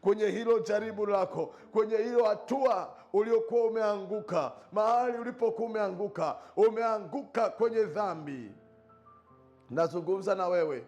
kwenye hilo jaribu lako, kwenye hiyo hatua uliokuwa umeanguka, mahali ulipokuwa umeanguka, umeanguka kwenye dhambi. Nazungumza na wewe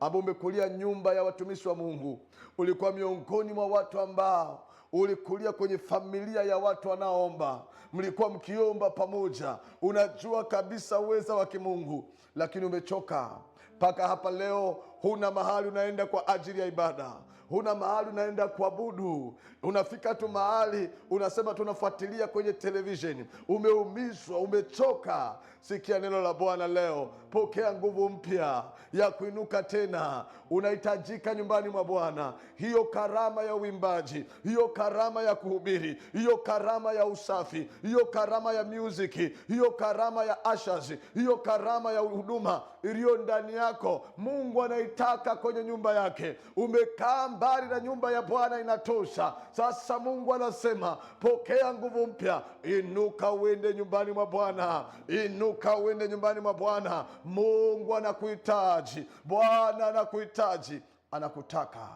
ambao umekulia nyumba ya watumishi wa Mungu, ulikuwa miongoni mwa watu ambao ulikulia kwenye familia ya watu wanaoomba, mlikuwa mkiomba pamoja, unajua kabisa uweza wa kimungu, lakini umechoka mpaka hapa leo huna mahali unaenda kwa ajili ya ibada, huna mahali unaenda kuabudu, unafika tu mahali unasema tunafuatilia kwenye televisheni. Umeumizwa, umechoka. Sikia neno la Bwana leo, pokea nguvu mpya ya kuinuka tena. Unahitajika nyumbani mwa Bwana, hiyo karama ya uimbaji, hiyo karama ya kuhubiri, hiyo karama ya usafi, hiyo karama ya muziki, hiyo karama ya ashazi, hiyo karama ya huduma iliyo ndani yako, Mungu anaitaka kwenye nyumba yake. Umekamba habari na nyumba ya Bwana inatosha. Sasa Mungu anasema pokea nguvu mpya, inuka uende nyumbani mwa Bwana, inuka uende nyumbani mwa Bwana. Mungu anakuhitaji, Bwana anakuhitaji, anakutaka,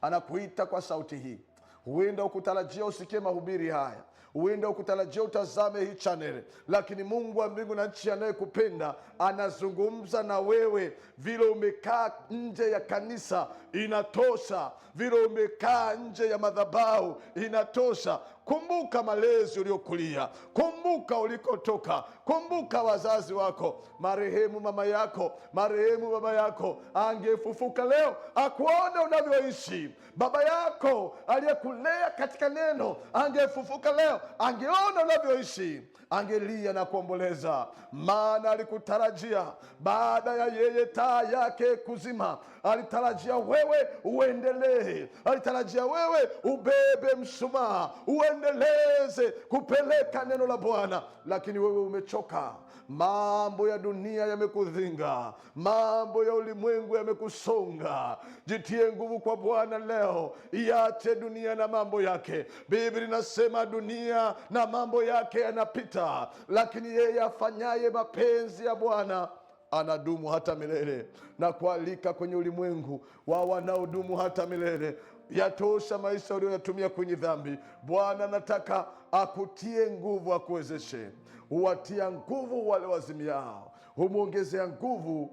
anakuita kwa sauti hii. Huenda ukutarajia usikie mahubiri haya uende ukutarajia utazame hii chaneli, lakini Mungu wa mbingu na nchi anayekupenda anazungumza na wewe. Vile umekaa nje ya kanisa inatosha, vile umekaa nje ya madhabahu inatosha. Kumbuka malezi uliokulia, kumbuka ulikotoka, kumbuka wazazi wako. Marehemu mama yako, marehemu baba yako angefufuka leo akuona unavyoishi. Baba yako aliyekulea katika neno angefufuka leo angeona unavyoishi, angelia na kuomboleza, maana alikutarajia. Baada ya yeye taa yake kuzima, alitarajia wewe uendelee, alitarajia wewe ubebe mshumaa uwe uendeleze kupeleka neno la Bwana, lakini wewe umechoka. Mambo ya dunia yamekudhinga, mambo ya ulimwengu yamekusonga. Jitie nguvu kwa Bwana leo, iache dunia na mambo yake. Biblia inasema dunia na mambo yake yanapita, lakini yeye afanyaye mapenzi ya Bwana anadumu hata milele, na kualika kwenye ulimwengu wa wanaodumu hata milele yatosha maisha uliyoyatumia kwenye dhambi. Bwana anataka akutie nguvu, akuwezeshe. Huwatia nguvu wale wazimiao, humwongezea nguvu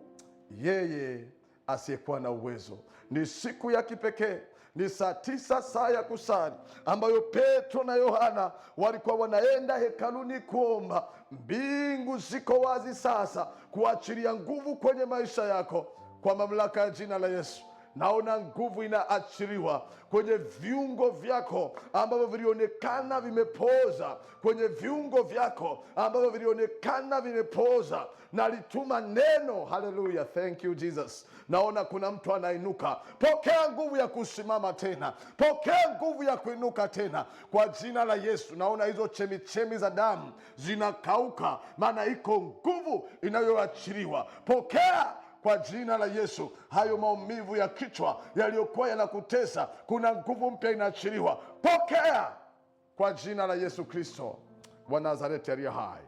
yeye asiyekuwa na uwezo. Ni siku ya kipekee, ni saa tisa saa ya kusali, ambayo Petro na Yohana walikuwa wanaenda hekaluni kuomba. Mbingu ziko wazi sasa kuachilia nguvu kwenye maisha yako kwa mamlaka ya jina la Yesu naona nguvu inaachiliwa kwenye viungo vyako ambavyo vilionekana vimepooza, kwenye viungo vyako ambavyo vilionekana vimepooza. Nalituma neno. Haleluya, thank you Jesus. Naona kuna mtu anainuka. Pokea nguvu ya kusimama tena, pokea nguvu ya kuinuka tena kwa jina la Yesu. Naona hizo chemichemi za damu zinakauka, maana iko nguvu inayoachiliwa. Pokea kwa jina la Yesu. Hayo maumivu ya kichwa yaliyokuwa yanakutesa, kuna nguvu mpya inaachiliwa. Pokea kwa jina la Yesu Kristo wa Nazareti aliye hai.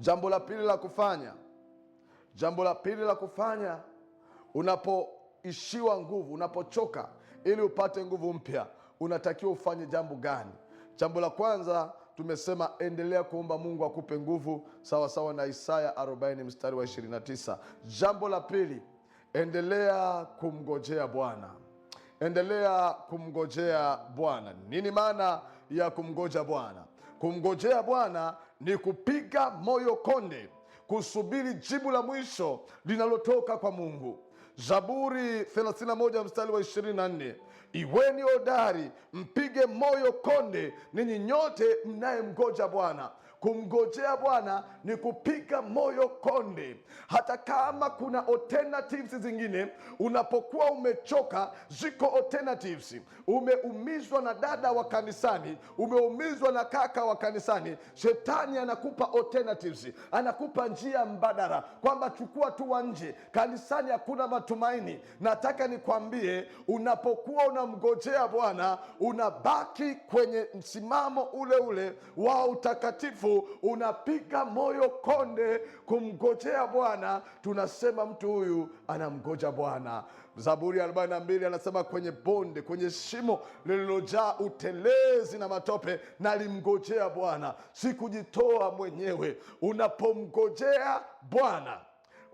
Jambo la pili la kufanya, jambo la pili la kufanya unapoishiwa nguvu, unapochoka, ili upate nguvu mpya, unatakiwa ufanye jambo gani? Jambo la kwanza tumesema endelea kuomba Mungu akupe nguvu, sawa sawa na Isaya 40 mstari wa 29. Jambo la pili, endelea kumngojea Bwana, endelea kumngojea Bwana. Nini maana ya kumngoja Bwana? Kumngojea Bwana ni kupiga moyo konde, kusubiri jibu la mwisho linalotoka kwa Mungu. Zaburi 31 mstari wa 24 Iweni hodari, mpige moyo konde, ninyi nyote mnayemgoja Bwana kumgojea Bwana ni kupiga moyo konde, hata kama kuna alternatives zingine. Unapokuwa umechoka, ziko alternatives. Umeumizwa na dada wa kanisani, umeumizwa na kaka wa kanisani, shetani anakupa alternatives, anakupa njia mbadala, kwamba chukua tu wa nje, kanisani hakuna matumaini. Nataka nikwambie, unapokuwa unamgojea Bwana unabaki kwenye msimamo ule ule wa utakatifu mrefu unapiga moyo konde kumgojea Bwana. Tunasema mtu huyu anamgoja Bwana. Zaburi 42 anasema kwenye bonde, kwenye shimo lililojaa utelezi na matope, nalimgojea Bwana, sikujitoa mwenyewe. Unapomgojea Bwana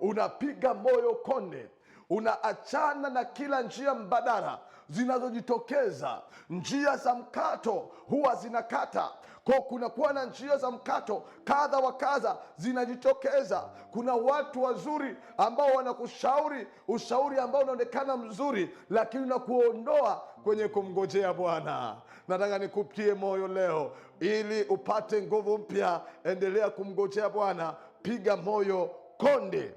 unapiga moyo konde unaachana na kila njia mbadala zinazojitokeza. Njia za mkato huwa zinakata, kwa kunakuwa na njia za mkato kadha wa kadha zinajitokeza. Kuna watu wazuri ambao wanakushauri ushauri ambao unaonekana mzuri, lakini unakuondoa kwenye kumngojea Bwana. Nataka nikupie moyo leo, ili upate nguvu mpya, endelea kumngojea Bwana, piga moyo konde.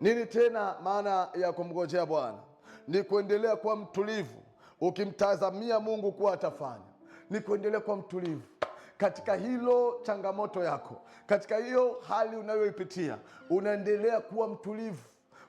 Nini tena maana ya kumngojea Bwana? Ni kuendelea kuwa mtulivu, ukimtazamia Mungu kuwa atafanya ni kuendelea kuwa mtulivu katika hilo changamoto yako, katika hiyo hali unayoipitia, unaendelea kuwa mtulivu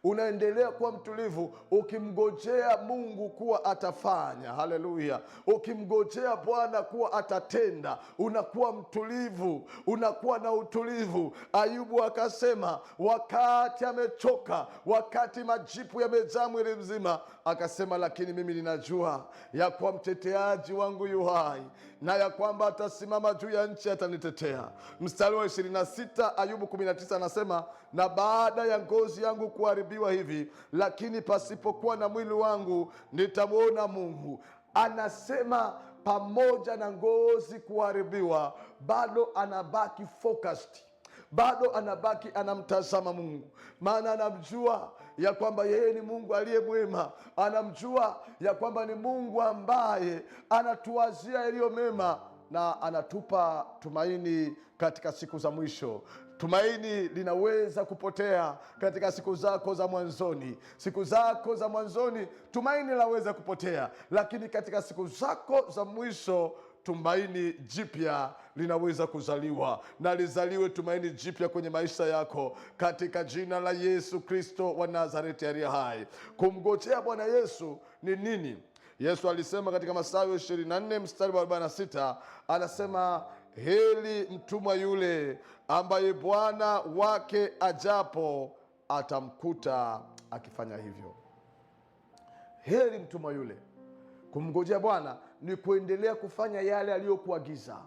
unaendelea kuwa mtulivu, ukimgojea Mungu kuwa atafanya. Haleluya! ukimgojea Bwana kuwa atatenda, unakuwa mtulivu, unakuwa na utulivu. Ayubu akasema wakati amechoka, wakati majipu yamejaa mwili mzima, akasema lakini mimi ninajua ya kuwa mteteaji wangu yu hai na ya kwamba atasimama juu ya nchi atanitetea. Mstari wa 26 Ayubu 19 anasema na baada ya ngozi yangu kuharibiwa imeandaliwa hivi, lakini pasipokuwa na mwili wangu nitamwona Mungu. Anasema pamoja na ngozi kuharibiwa, bado anabaki focused bado anabaki anamtazama Mungu, maana anamjua ya kwamba yeye ni Mungu aliye mwema, anamjua ya kwamba ni Mungu ambaye anatuwazia yaliyo mema na anatupa tumaini katika siku za mwisho. Tumaini linaweza kupotea katika siku zako za mwanzoni. Siku zako za mwanzoni tumaini linaweza kupotea, lakini katika siku zako za mwisho tumaini jipya linaweza kuzaliwa, na lizaliwe tumaini jipya kwenye maisha yako katika jina la Yesu Kristo wa Nazareti aliye hai. Kumgojea Bwana Yesu ni nini? Yesu alisema katika Mathayo 24 mstari wa 46 anasema heli mtumwa yule ambaye bwana wake ajapo atamkuta akifanya hivyo. heli mtumwa yule. Kumngojea Bwana ni kuendelea kufanya yale aliyokuagiza.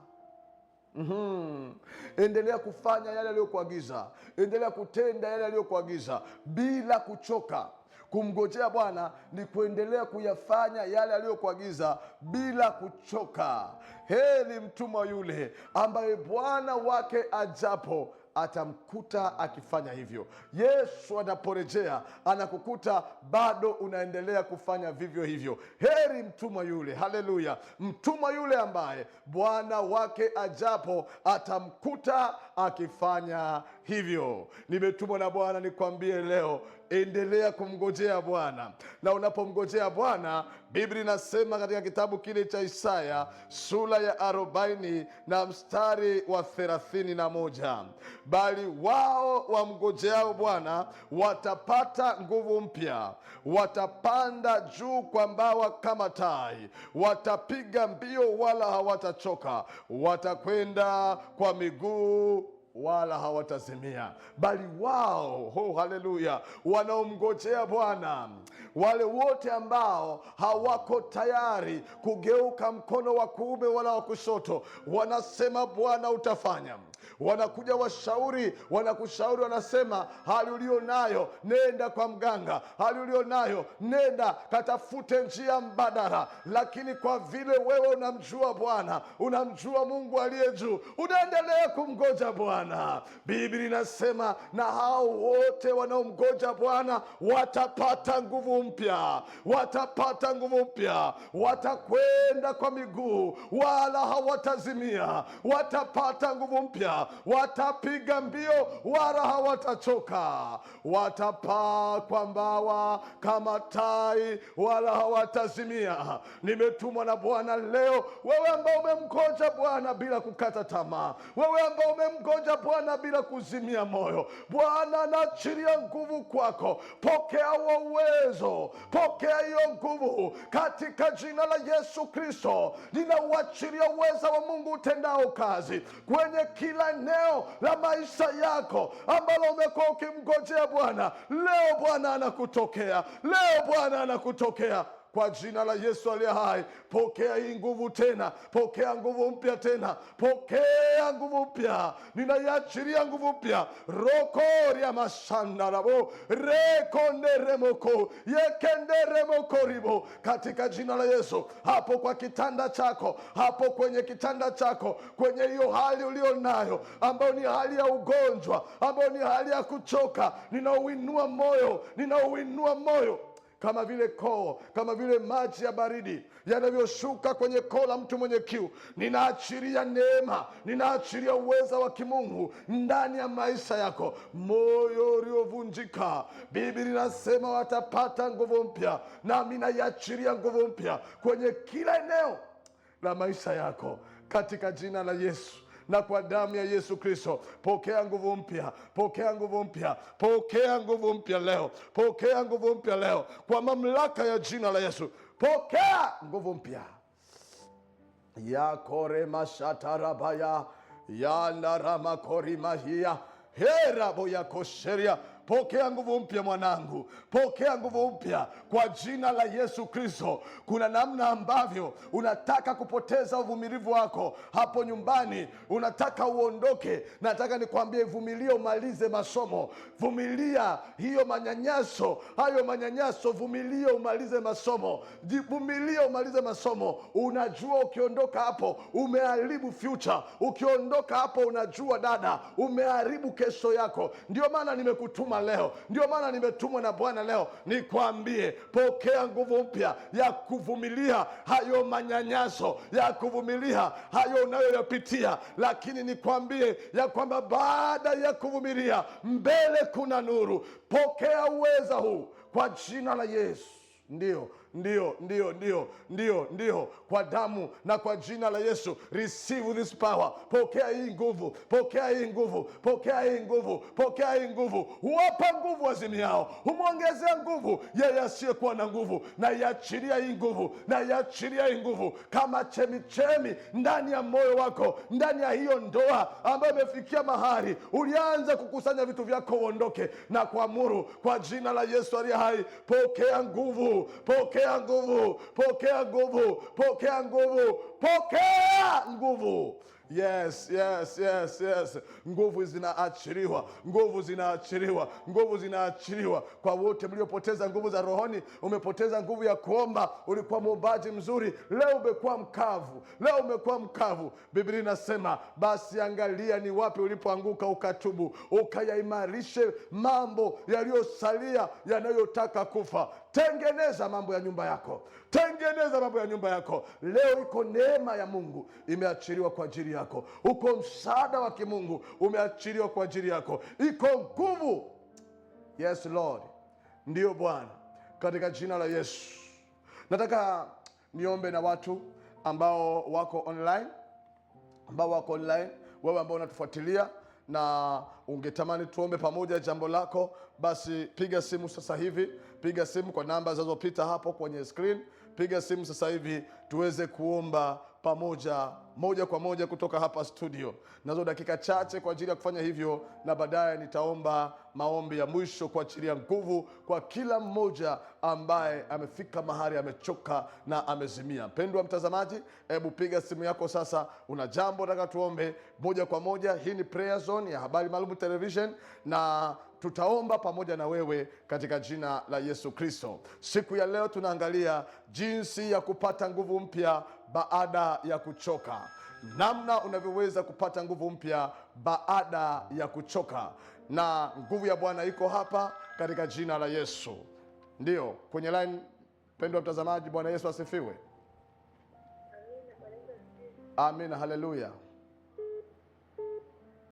Mm -hmm. Endelea kufanya yale aliyokuagiza, endelea kutenda yale aliyokuagiza bila kuchoka. Kumgojea Bwana ni kuendelea kuyafanya yale aliyokuagiza bila kuchoka. Heri mtumwa yule ambaye bwana wake ajapo atamkuta akifanya hivyo. Yesu anaporejea anakukuta bado unaendelea kufanya vivyo hivyo. Heri mtumwa yule, haleluya! Mtumwa yule ambaye bwana wake ajapo atamkuta akifanya hivyo. Nimetumwa na Bwana nikwambie leo, endelea kumngojea Bwana, na unapomngojea Bwana, Biblia inasema katika kitabu kile cha Isaya sura ya arobaini na mstari wa thelathini na moja bali wao wamngojeao Bwana watapata nguvu mpya, watapanda juu kwa mbawa kama tai, watapiga mbio wala hawatachoka, watakwenda kwa miguu wala hawatazimia, bali wao oh, haleluya, wanaomngojea Bwana, wale wote ambao hawako tayari kugeuka mkono wa kuume wala wa kushoto, wanasema Bwana utafanya. Wanakuja washauri, wanakushauri, wanasema hali ulio nayo nenda kwa mganga, hali ulio nayo nenda katafute njia mbadala. Lakini kwa vile wewe unamjua Bwana, unamjua Mungu aliye juu, unaendelea kumngoja Bwana. Bwana. Biblia inasema na hao wote wanaomgoja Bwana watapata nguvu mpya, watapata nguvu mpya, watakwenda kwa miguu wala hawatazimia, watapata nguvu mpya, watapiga mbio wala hawatachoka, watapaa kwa mbawa kama tai wala hawatazimia. Nimetumwa na Bwana leo, wewe ambao umemgoja Bwana bila kukata tamaa, wewe ambao umemgoja Mtaja Bwana bila kuzimia moyo. Bwana anaachilia nguvu kwako, pokea huo uwezo, pokea hiyo nguvu katika jina la Yesu Kristo. Ninauachilia uweza wa Mungu utendao kazi kwenye kila eneo la maisha yako ambalo umekuwa ukimgojea Bwana. Leo Bwana anakutokea, leo Bwana anakutokea kwa jina la Yesu aliye hai. Pokea hii nguvu tena, pokea nguvu mpya tena, pokea nguvu mpya, ninaiachiria nguvu mpya rokoria mashandarabo rekonderemoko yekenderemokoribo katika jina la Yesu. Hapo kwa kitanda chako, hapo kwenye kitanda chako, kwenye hiyo hali ulio nayo, ambayo ni hali ya ugonjwa, ambayo ni hali ya kuchoka, ninauinua moyo, ninauinua moyo kama vile koo, kama vile maji ya baridi yanavyoshuka kwenye koo la mtu mwenye kiu. Ninaachiria neema, ninaachiria uweza wa kimungu ndani ya maisha yako. Moyo uliovunjika, Biblia inasema watapata nguvu mpya, nami naiachiria nguvu mpya kwenye kila eneo la maisha yako katika jina la Yesu na kwa damu ya Yesu Kristo. Pokea nguvu mpya, pokea nguvu mpya, pokea nguvu mpya leo, pokea nguvu mpya leo kwa mamlaka ya jina la Yesu. Pokea nguvu mpya yakoremashatarabaya yanaramakorimahia heraboyakosheria Pokea nguvu mpya mwanangu, pokea nguvu mpya kwa jina la Yesu Kristo. Kuna namna ambavyo unataka kupoteza uvumilivu wako hapo nyumbani, unataka uondoke. Nataka nikwambie, vumilia umalize masomo, vumilia hiyo manyanyaso, hayo manyanyaso, vumilia umalize masomo, vumilia umalize masomo. Unajua ukiondoka hapo umeharibu future, ukiondoka hapo unajua dada, umeharibu kesho yako. Ndio maana nimekutuma leo. Ndio maana nimetumwa na Bwana leo nikwambie, pokea nguvu mpya ya kuvumilia hayo manyanyaso, ya kuvumilia hayo unayoyapitia, lakini nikwambie ya kwamba baada ya kuvumilia mbele kuna nuru. Pokea uweza huu kwa jina la Yesu, ndio ndio, ndio, ndio, ndio, ndio, kwa damu na kwa jina la Yesu. Receive this power, pokea hii nguvu, pokea hii nguvu, pokea hii nguvu, pokea hii nguvu. Huwapa nguvu wazimiao, humwongezea nguvu yeye asiyekuwa na nguvu. Na hii nguvu, na hii nguvu kama chemichemi ndani ya moyo wako, ndani ya hiyo ndoa ambayo imefikia mahali ulianza kukusanya vitu vyako uondoke, na kuamuru kwa jina la Yesu aliye hai, pokea nguvu, pokea pokea nguvu, pokea nguvu, pokea nguvu, pokea nguvu. Yes, yes, yes, yes. Nguvu zinaachiriwa nguvu zinaachiriwa nguvu zinaachiriwa kwa wote mliopoteza nguvu za rohoni. Umepoteza nguvu ya kuomba, ulikuwa mwombaji mzuri, leo umekuwa mkavu, leo umekuwa mkavu. Biblia inasema basi, angalia ni wapi ulipoanguka, ukatubu, ukayaimarishe mambo yaliyosalia yanayotaka kufa. Tengeneza mambo ya nyumba yako, tengeneza mambo ya nyumba yako. Leo iko neema ya Mungu imeachiliwa kwa ajili yako, uko msaada wa kimungu umeachiliwa kwa ajili yako, iko nguvu. Yes Lord, ndiyo Bwana, katika jina la Yesu. Nataka niombe na watu ambao wako online, ambao wako online, wewe ambao unatufuatilia na ungetamani tuombe pamoja jambo lako, basi piga simu sasa hivi piga simu kwa namba zinazopita hapo kwenye screen. Piga simu sasa hivi tuweze kuomba pamoja moja kwa moja kutoka hapa studio. Nazo dakika chache kwa ajili ya kufanya hivyo, na baadaye nitaomba maombi ya mwisho kuachilia nguvu kwa kila mmoja ambaye amefika mahali amechoka na amezimia. Mpendwa mtazamaji, hebu piga simu yako sasa, una jambo nataka tuombe moja kwa moja. Hii ni Prayer Zone ya Habari Maalum Television na tutaomba pamoja na wewe katika jina la Yesu Kristo. Siku ya leo tunaangalia jinsi ya kupata nguvu mpya baada ya kuchoka, namna unavyoweza kupata nguvu mpya baada ya kuchoka, na nguvu ya Bwana iko hapa katika jina la Yesu. Ndiyo kwenye line, pendwa mtazamaji, Bwana Yesu asifiwe. Amina, haleluya.